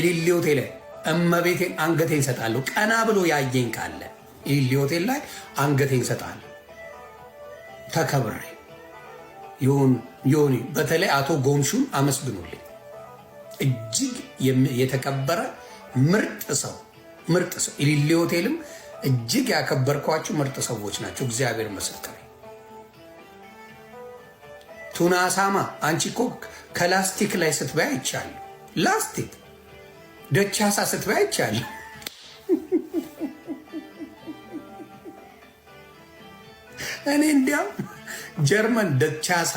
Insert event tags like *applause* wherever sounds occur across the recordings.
ኢሊሊ ሆቴል እመቤቴን አንገቴን ሰጣለሁ። ቀና ብሎ ያየኝ ካለ ኢሊሊ ሆቴል ላይ አንገቴን ሰጣለሁ። ተከብሬ ዮኒ፣ በተለይ አቶ ጎምሹን አመስግኑልኝ። እጅግ የተከበረ ምርጥ ሰው ምርጥ ሰው። ኢሊሊ ሆቴልም እጅግ ያከበርኳችሁ ምርጥ ሰዎች ናቸው። እግዚአብሔር ምስክር። ቱና አሳማ፣ አንቺ እኮ ከላስቲክ ላይ ስትበያ ይቻሉ ላስቲክ ደቻሳ ስትበይ አይቻለሁ። እኔ እንዲያም ጀርመን ደቻሳ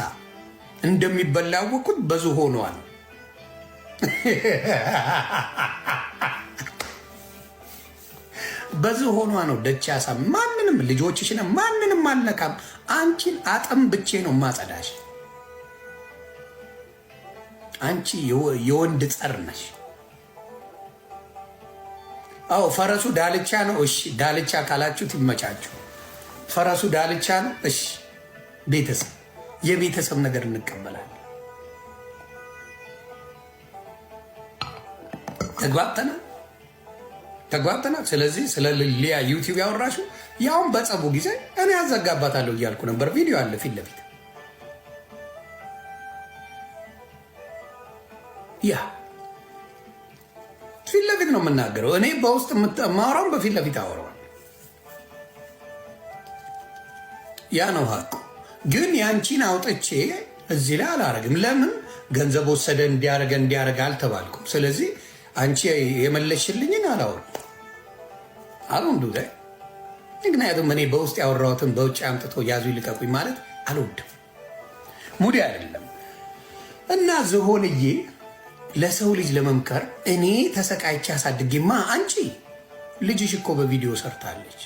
እንደሚበላወቁት በዙ ሆኗል። በዚህ ሆኗ ነው ደቻሳ። ማንንም ልጆችሽን ማንንም አልነካም። አንቺን አጠም ብቼ ነው ማጸዳሽ። አንቺ የወንድ ጸር ነሽ። አዎ ፈረሱ ዳልቻ ነው። እሺ ዳልቻ ካላችሁ ትመቻችሁ ፈረሱ ዳልቻ ነው። እሺ ቤተሰብ የቤተሰብ ነገር እንቀበላለን። ተግባብተና ተግባብተና። ስለዚህ ስለ ሊያ ዩቲዩብ ያወራሹ ያሁን በጸቡ ጊዜ እኔ አዘጋባታለሁ እያልኩ ነበር። ቪዲዮ አለ ፊት ለፊት ያ ፊት ለፊት ነው የምናገረው። እኔ በውስጥ ማውራውን በፊት ለፊት አወራዋል። ያ ነው ሀቁ። ግን ያንቺን አውጥቼ እዚህ ላይ አላረግም። ለምን ገንዘብ ወሰደ እንዲያደረገ እንዲያደረገ አልተባልኩም። ስለዚህ አንቺ የመለሽልኝን አላወራም አልወንዱ ላይ ምክንያቱም እኔ በውስጥ ያወራሁትን በውጭ አምጥቶ ያዙ ይልቀቁኝ ማለት አልወድም። ሙዲ አይደለም እና ዝሆንዬ ለሰው ልጅ ለመምከር እኔ ተሰቃይቼ አሳድጌማ አንቺ ልጅሽ እኮ በቪዲዮ ሰርታለች።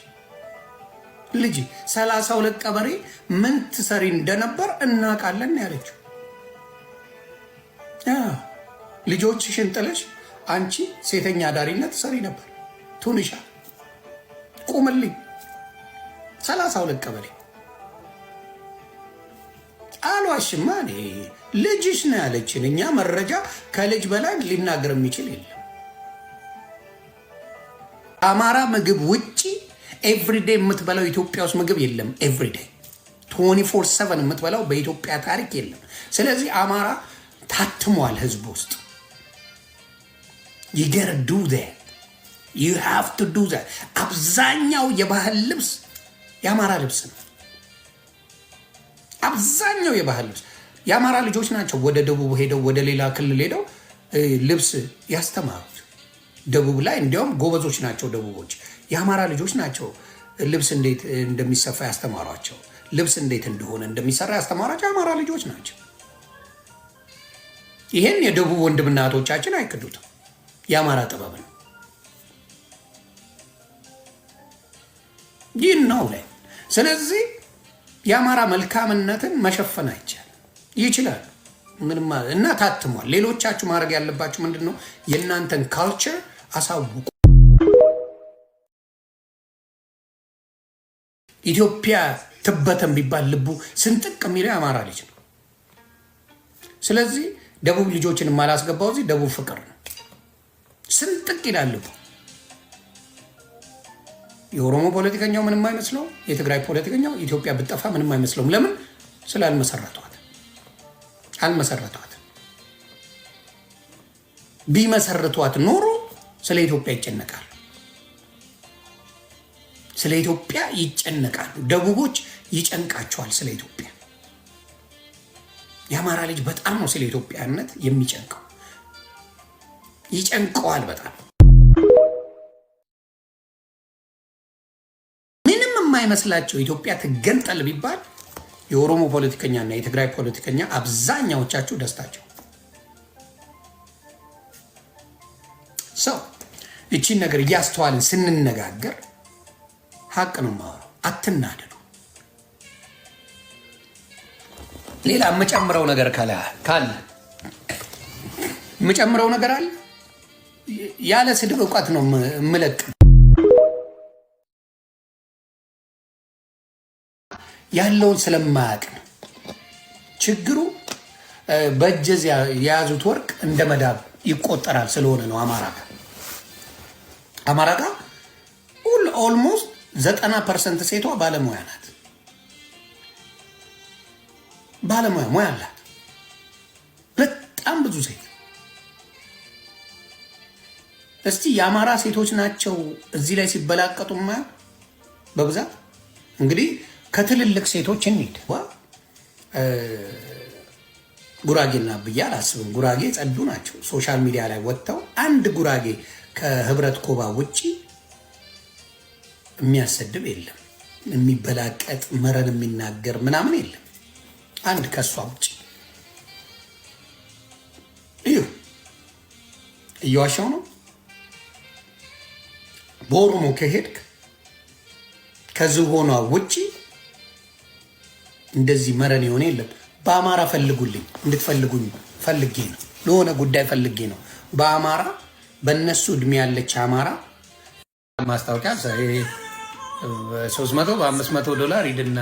ልጅ ሰላሳ ሁለት ቀበሬ ምን ትሰሪ እንደነበር እናውቃለን ያለችው ልጆችሽን ጥለሽ አንቺ ሴተኛ አዳሪነት ትሰሪ ነበር። ቱንሻ ቁምልኝ ሰላሳ ሁለት ቀበሌ አሏሽማ እኔ ልጅሽ ነው ያለችን። እኛ መረጃ ከልጅ በላይ ሊናገር የሚችል የለም። አማራ ምግብ ውጪ ኤቭሪዴ የምትበላው ኢትዮጵያ ውስጥ ምግብ የለም። ኤቭሪዴ 24/7 የምትበላው በኢትዮጵያ ታሪክ የለም። ስለዚህ አማራ ታትሟል ህዝብ ውስጥ ይገር ዱ ዩ ሃቭ ቱ ዱ አብዛኛው የባህል ልብስ የአማራ ልብስ ነው። አብዛኛው የባህል ልብስ የአማራ ልጆች ናቸው ወደ ደቡብ ሄደው ወደ ሌላ ክልል ሄደው ልብስ ያስተማሩት። ደቡብ ላይ እንዲያውም ጎበዞች ናቸው ደቡቦች። የአማራ ልጆች ናቸው ልብስ እንዴት እንደሚሰፋ ያስተማሯቸው፣ ልብስ እንዴት እንደሆነ እንደሚሰራ ያስተማሯቸው የአማራ ልጆች ናቸው። ይህን የደቡብ ወንድምና እህቶቻችን አይክዱትም። የአማራ ጥበብ ነው። ይህን ነው። ስለዚህ የአማራ መልካምነትን መሸፈን አይቻልም። ይችላል። ምንም እና ታትሟል። ሌሎቻችሁ ማድረግ ያለባችሁ ምንድን ነው? የእናንተን ካልቸር አሳውቁ። ኢትዮጵያ ትበተ የሚባል ልቡ ስንጥቅ የሚለው አማራ ልጅ ነው። ስለዚህ ደቡብ ልጆችን የማላስገባው እዚህ ደቡብ ፍቅር ነው። ስንጥቅ ይላል ልቡ። የኦሮሞ ፖለቲከኛው ምንም አይመስለውም። የትግራይ ፖለቲከኛው ኢትዮጵያ ብጠፋ ምንም አይመስለውም። ለምን ስላልመሰረቷል አልመሰረቷት ቢመሰርቷት ኖሮ ስለ ኢትዮጵያ ይጨነቃሉ፣ ስለ ኢትዮጵያ ይጨነቃሉ። ደቡቦች ይጨንቃቸዋል ስለ ኢትዮጵያ። የአማራ ልጅ በጣም ነው ስለ ኢትዮጵያነት የሚጨንቀው፣ ይጨንቀዋል በጣም ምንም የማይመስላቸው ኢትዮጵያ ትገንጠል ቢባል የኦሮሞ ፖለቲከኛና የትግራይ ፖለቲከኛ አብዛኛዎቻችሁ ደስታቸው ሰው እቺን ነገር እያስተዋልን ስንነጋገር ሀቅ ነው የማወራው። አትናደዱ። ሌላ የምጨምረው ነገር ካለ ካለ የምጨምረው ነገር አለ። ያለ ስድብ እውቀት ነው የምለቅ ያለውን ስለማያውቅ ነው ችግሩ። በእጀዝ የያዙት ወርቅ እንደ መዳብ ይቆጠራል ስለሆነ ነው። አማራ ጋር አማራ ጋር ኦልሞስት ዘጠና ፐርሰንት ሴቷ ባለሙያ ናት። ባለሙያ ሙያ አላት። በጣም ብዙ ሴት እስቲ የአማራ ሴቶች ናቸው እዚህ ላይ ሲበላቀጡ ማ በብዛት እንግዲህ ከትልልቅ ሴቶች እንሂድ። ጉራጌና ብዬ አላስብም። ጉራጌ ጸዱ ናቸው። ሶሻል ሚዲያ ላይ ወጥተው አንድ ጉራጌ ከህብረት ኮባ ውጭ የሚያሰድብ የለም፣ የሚበላቀጥ መረን የሚናገር ምናምን የለም። አንድ ከእሷ ውጭ እዩ እየዋሻው ነው። በኦሮሞ ከሄድክ ከዝሆኗ ውጭ እንደዚህ መረን የሆነ የለም። በአማራ ፈልጉልኝ እንድትፈልጉኝ ፈልጌ ነው፣ ለሆነ ጉዳይ ፈልጌ ነው። በአማራ በእነሱ እድሜ ያለች አማራ ማስታወቂያ ሶስት መቶ በአምስት መቶ ዶላር ሂድና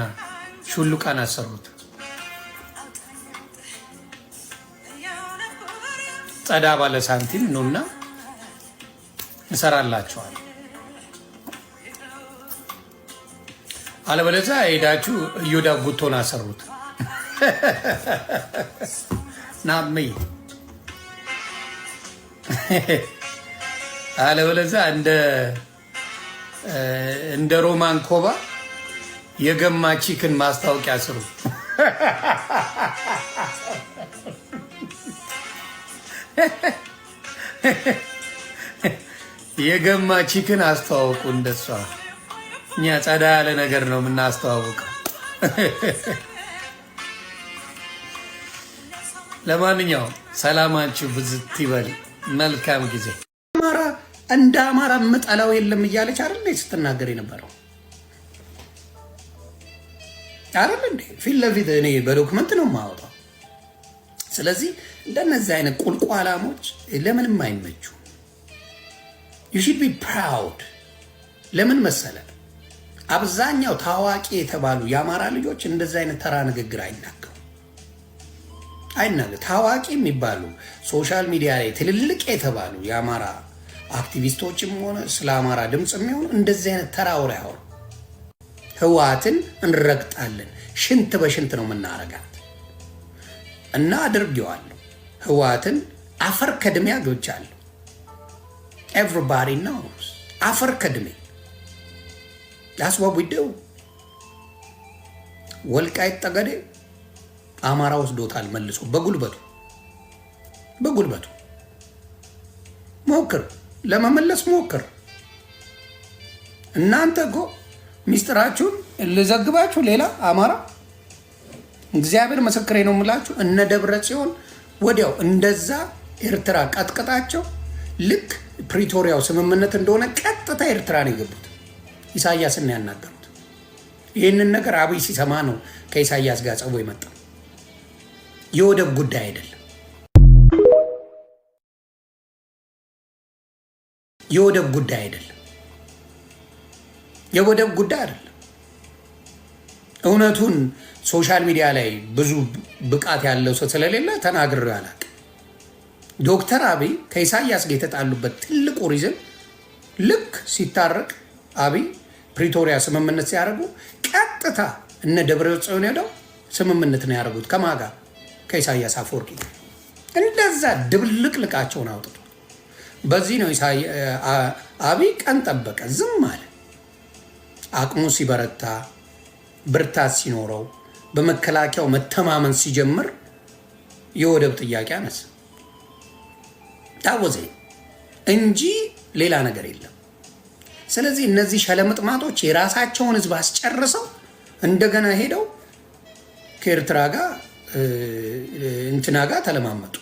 ሹሉቃን አሰሩት። ጸዳ ባለ ሳንቲም ኑና እንሰራላቸዋል። አለበለዚያ ሄዳችሁ እዮዳ ጉቶን አሰሩት። ናምይ አለበለዚያ እንደ ሮማን ኮባ የገማ ቺክን ማስታወቂያ ስሩ። የገማ ቺክን አስተዋውቁ እንደሷ እኛ ጸዳ ያለ ነገር ነው የምናስተዋውቀው። ለማንኛውም ሰላማችሁ ብዝት ይበል። መልካም ጊዜ። አማራ እንደ አማራ የምጠላው የለም እያለች አይደለ ስትናገር የነበረው አይደል እንዴ? ፊት ለፊት እኔ በዶክመንት ነው የማወጣው። ስለዚህ እንደነዚህ አይነት ቁልቋላሞች ለምንም አይመቹ። ዩ ሺድ ቢ ፕራውድ ለምን መሰለን አብዛኛው ታዋቂ የተባሉ የአማራ ልጆች እንደዚህ አይነት ተራ ንግግር አይናገሩ አይናገር ታዋቂ የሚባሉ ሶሻል ሚዲያ ላይ ትልልቅ የተባሉ የአማራ አክቲቪስቶችም ሆነ ስለ አማራ ድምፅ የሚሆኑ እንደዚህ አይነት ተራ ወሬ አያወሩ። ህወሓትን እንረግጣለን፣ ሽንት በሽንት ነው የምናረጋት እና አድርጌዋለሁ። ህወሓትን አፈር ከድሜ አግብቻለሁ። ኤቭሪባዲ ነው አፈር ከድሜ That's what we do. ወልቃይት ጠገዴ አማራ ወስዶታል መልሶ በጉልበቱ በጉልበቱ ሞክር፣ ለመመለስ ሞክር። እናንተ እኮ ሚስጥራችሁን ልዘግባችሁ ሌላ አማራ እግዚአብሔር ምስክሬ ነው የምላችሁ እነ ደብረ ጽዮን ወዲያው እንደዛ ኤርትራ ቀጥቅጣቸው ልክ ፕሪቶሪያው ስምምነት እንደሆነ ቀጥታ ኤርትራ ነው የገቡት። ኢሳያስን ያናገሩት። ይህንን ነገር አብይ ሲሰማ ነው ከኢሳያስ ጋር ጸቦ የመጣው። የወደብ ጉዳይ አይደለም። የወደብ ጉዳይ አይደለም። የወደብ ጉዳይ አይደለም። እውነቱን ሶሻል ሚዲያ ላይ ብዙ ብቃት ያለው ሰው ስለሌለ ተናግሬ አላውቅም። ዶክተር አብይ ከኢሳያስ ጋር የተጣሉበት ትልቁ ሪዝን ልክ ሲታረቅ አብይ ፕሪቶሪያ ስምምነት ሲያደርጉ ቀጥታ እነ ደብረ ጽዮን ሄደው ስምምነት ነው ያደርጉት ከማጋ ከኢሳያስ አፈወርቂ እንደዛ ድብልቅልቃቸውን አውጥቶ በዚህ ነው አብይ ቀን ጠበቀ፣ ዝም አለ። አቅሙ ሲበረታ ብርታት ሲኖረው በመከላከያው መተማመን ሲጀምር የወደብ ጥያቄ አነሳ ታወዘ እንጂ ሌላ ነገር የለም። ስለዚህ እነዚህ ሸለምጥማጦች የራሳቸውን ህዝብ አስጨርሰው እንደገና ሄደው ከኤርትራ ጋር እንትና ጋር ተለማመጡ።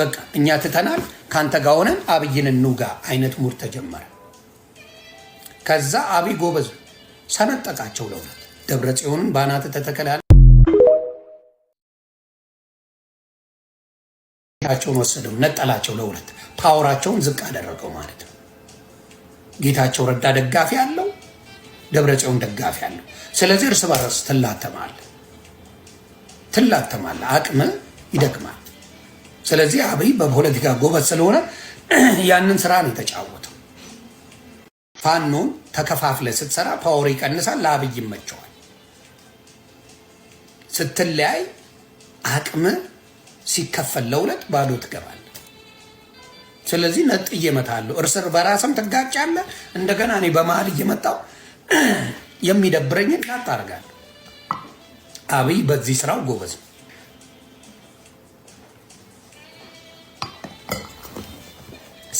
በቃ እኛ ትተናል፣ ከአንተ ጋር ሆነን አብይን እንውጋ አይነት ሙር ተጀመረ። ከዛ አብይ ጎበዝ ሰነጠቃቸው ለሁለት። ደብረ ጽዮንን በአናት ተተከላል ቸውን ወሰደው፣ ነጠላቸው ለሁለት፣ ፓወራቸውን ዝቅ አደረገው ማለት ነው። ጌታቸው ረዳ ደጋፊ አለው፣ ደብረጽዮን ደጋፊ አለው። ስለዚህ እርስ በርስ ትላተማል ትላተማል፣ አቅም ይደክማል። ስለዚህ አብይ በፖለቲካ ጎበዝ ስለሆነ *clears throat* ያንን ስራ ነው የተጫወተው። ፋኖን ተከፋፍለ ስትሰራ ፓወር ይቀንሳል፣ ለአብይ ይመቸዋል። ስትለያይ አቅም ሲከፈል ለሁለት ባዶ ትገባል። ስለዚህ ነጥ እመታለሁ። እርስር በራስም ትጋጫለህ። እንደገና እኔ በመሀል እየመጣው *clears throat* የሚደብረኝን ላጥ አደርጋለሁ። አብይ በዚህ ስራው ጎበዝ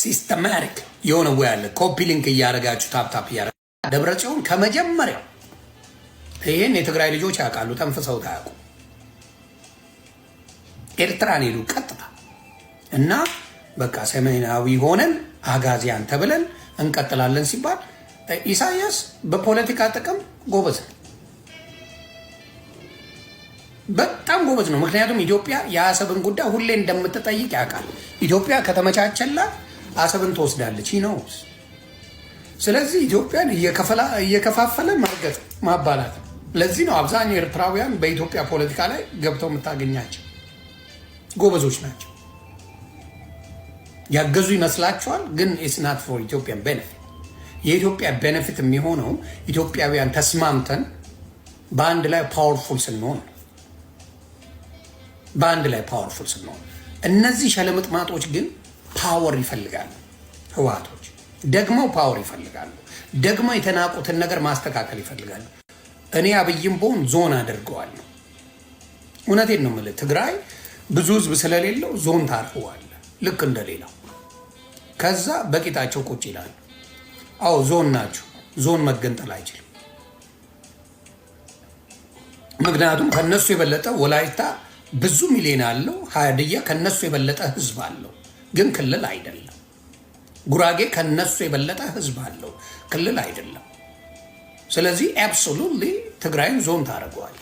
ሲስተማሪክ የሆነ ወይ አለ ኮፒ ሊንክ እያደረጋችሁ ታፕታፕ እያደረጋ ደብረ ጽዮን ከመጀመሪያው ይህን የትግራይ ልጆች ያውቃሉ። ተንፍሰው ታያውቁ ኤርትራን ሄዱ ቀጥታ እና በቃ ሰሜናዊ ሆነን አጋዚያን ተብለን እንቀጥላለን ሲባል ኢሳያስ በፖለቲካ ጥቅም ጎበዝ በጣም ጎበዝ ነው። ምክንያቱም ኢትዮጵያ የአሰብን ጉዳይ ሁሌ እንደምትጠይቅ ያውቃል። ኢትዮጵያ ከተመቻቸላ አሰብን ትወስዳለች ነው። ስለዚህ ኢትዮጵያን እየከፋፈለ መርገጥ ማባላት ለዚህ ነው አብዛኛው ኤርትራውያን በኢትዮጵያ ፖለቲካ ላይ ገብተው የምታገኛቸው ጎበዞች ናቸው። ያገዙ ይመስላችኋል፣ ግን ኢትስ ናት ፎር ኢትዮጵያን ቤኔፊት። የኢትዮጵያ ቤኔፊት የሚሆነው ኢትዮጵያውያን ተስማምተን በአንድ ላይ ፓወርፉል ስንሆን፣ በአንድ ላይ ፓወርፉል ስንሆን። እነዚህ ሸለምጥማጦች ግን ፓወር ይፈልጋሉ። ህወሓቶች ደግሞ ፓወር ይፈልጋሉ። ደግሞ የተናቁትን ነገር ማስተካከል ይፈልጋሉ። እኔ አብይም በሆን ዞን አድርገዋለሁ። እውነቴን ነው የምልህ፣ ትግራይ ብዙ ህዝብ ስለሌለው ዞን ታርፈዋለህ ልክ እንደሌላው ከዛ በቂጣቸው ቁጭ ይላሉ። አዎ ዞን ናቸው። ዞን መገንጠል አይችልም። ምክንያቱም ከነሱ የበለጠ ወላይታ ብዙ ሚሊዮን አለው። ሀዲያ ከነሱ የበለጠ ህዝብ አለው፣ ግን ክልል አይደለም። ጉራጌ ከነሱ የበለጠ ህዝብ አለው፣ ክልል አይደለም። ስለዚህ አብሶሉትሊ ትግራይን ዞን ታደርገዋል።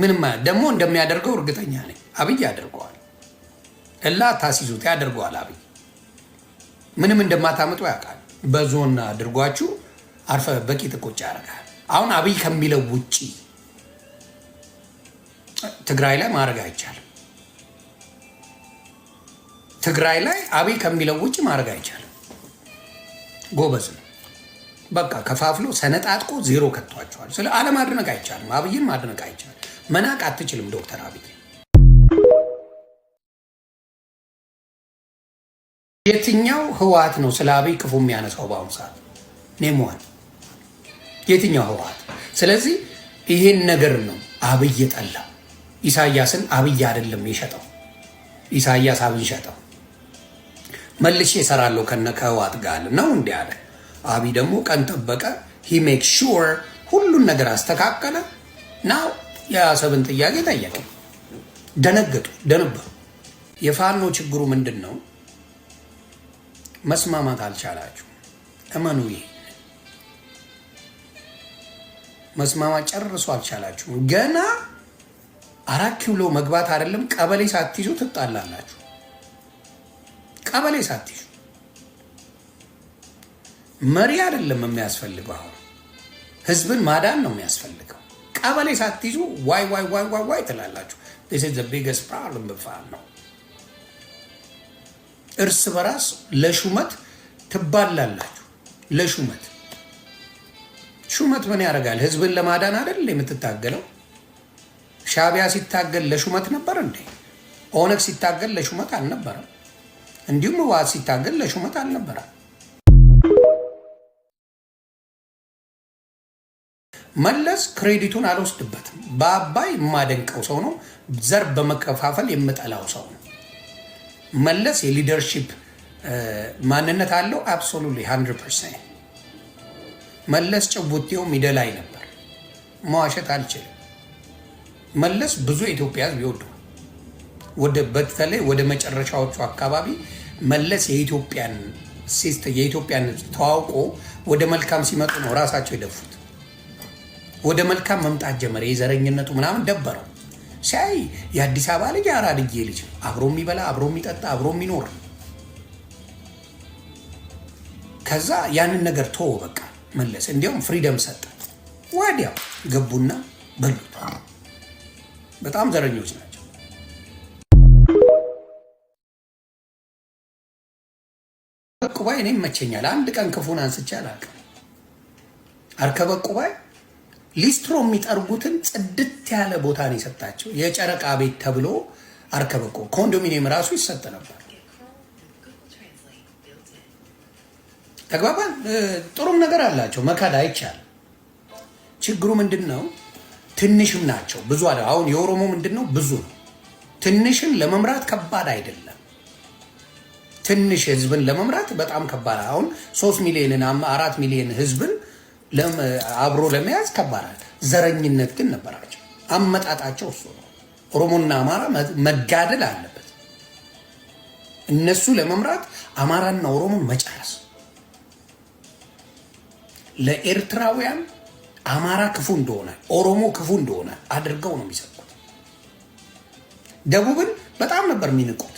ምንም ደግሞ እንደሚያደርገው እርግጠኛ ነኝ። አብይ አድርገዋል። እላ ታሲዙት ያደርገዋል። አብይ ምንም እንደማታመጡ ያውቃል። በዞን አድርጓችሁ አርፈ በቂ ጥቆጭ ያደርጋል። አሁን አብይ ከሚለው ውጭ ትግራይ ላይ ማድረግ አይቻልም። ትግራይ ላይ አብይ ከሚለው ውጭ ማድረግ አይቻልም። ጎበዝ ነው። በቃ ከፋፍሎ ሰነጣጥቆ ዜሮ ከቷቸዋል። ስለ አለማድነቅ አይቻልም። አብይን ማድነቅ አይቻልም። መናቅ አትችልም ዶክተር አብይ የትኛው ህወሓት ነው ስለ አብይ ክፉ የሚያነሳው በአሁኑ ሰዓት? ኔሞዋል የትኛው ህወሓት? ስለዚህ ይሄን ነገር ነው አብይ ጠላ። ኢሳያስን አብይ አይደለም የሸጠው፣ ኢሳያስ አብይ ሸጠው። መልሼ እሰራለሁ ከነ ከህወሓት ጋር ነው እንዲህ አለ። አብይ ደግሞ ቀን ጠበቀ። ሂ ሜክ ሹር ሁሉን ነገር አስተካከለ። ናው የአሰብን ጥያቄ ጠየቀ። ደነገጡ፣ ደነበሩ። የፋኖ ችግሩ ምንድን ነው? መስማማት አልቻላችሁ። እመኑ፣ ይህን መስማማት ጨርሶ አልቻላችሁም። ገና አራት ኪሎ መግባት አይደለም ቀበሌ ሳትይዙ ትጣላላችሁ። ቀበሌ ሳትይዙ መሪ አይደለም የሚያስፈልገው። አሁን ህዝብን ማዳን ነው የሚያስፈልገው። ቀበሌ ሳትይዙ ዋይ ዋይ ዋይ ዋይ ዋይ ትላላችሁ። ስ ቢገስ ፕሮብለም ነው እርስ በራስ ለሹመት ትባላላችሁ። ለሹመት ሹመት ምን ያደርጋል? ህዝብን ለማዳን አይደል የምትታገለው? ሻቢያ ሲታገል ለሹመት ነበር እንዴ? ኦነግ ሲታገል ለሹመት አልነበረም። እንዲሁም ህወሓት ሲታገል ለሹመት አልነበረም። መለስ ክሬዲቱን አልወስድበትም። በአባይ የማደንቀው ሰው ነው። ዘር በመከፋፈል የምጠላው ሰው ነው። መለስ የሊደርሺፕ ማንነት አለው። አብሶሉትሊ 100 ፐርሰንት መለስ ጭቡቴው ሚደላይ ነበር። መዋሸት አልችልም። መለስ ብዙ የኢትዮጵያ ሕዝብ ይወዱ ወደ በተለይ ወደ መጨረሻዎቹ አካባቢ መለስ የኢትዮጵያን የኢትዮጵያን ተዋውቆ ወደ መልካም ሲመጡ ነው ራሳቸው የደፉት። ወደ መልካም መምጣት ጀመረ። የዘረኝነቱ ምናምን ደበረው። ሲያይ የአዲስ አበባ ልጅ አራ ልጅ አብሮ የሚበላ አብሮ የሚጠጣ አብሮ የሚኖር ከዛ ያንን ነገር ቶ በቃ መለስ እንዲያውም ፍሪደም ሰጠ። ወዲያው ገቡና በሉት። በጣም ዘረኞች ናቸው። ቁባይ እኔ ይመቸኛል። አንድ ቀን ክፉን አንስቼ አላውቅም። አርከበ ሊስትሮ የሚጠርጉትን ጽድት ያለ ቦታ ነው የሰጣቸው። የጨረቃ ቤት ተብሎ አርከበቆ ኮንዶሚኒየም ራሱ ይሰጥ ነበር። ተግባባል። ጥሩም ነገር አላቸው፣ መካድ አይቻልም። ችግሩ ምንድን ነው? ትንሽም ናቸው ብዙ አለ። አሁን የኦሮሞ ምንድን ነው? ብዙ ነው። ትንሽን ለመምራት ከባድ አይደለም። ትንሽ ህዝብን ለመምራት በጣም ከባድ አሁን ሶስት ሚሊዮንን አራት ሚሊዮን ህዝብን አብሮ ለመያዝ ከባራል። ዘረኝነት ግን ነበራቸው። አመጣጣቸው እሱ ነው። ኦሮሞና አማራ መጋደል አለበት። እነሱ ለመምራት አማራና ኦሮሞን መጨረስ። ለኤርትራውያን አማራ ክፉ እንደሆነ ኦሮሞ ክፉ እንደሆነ አድርገው ነው የሚሰጡት። ደቡብን በጣም ነበር የሚንቀው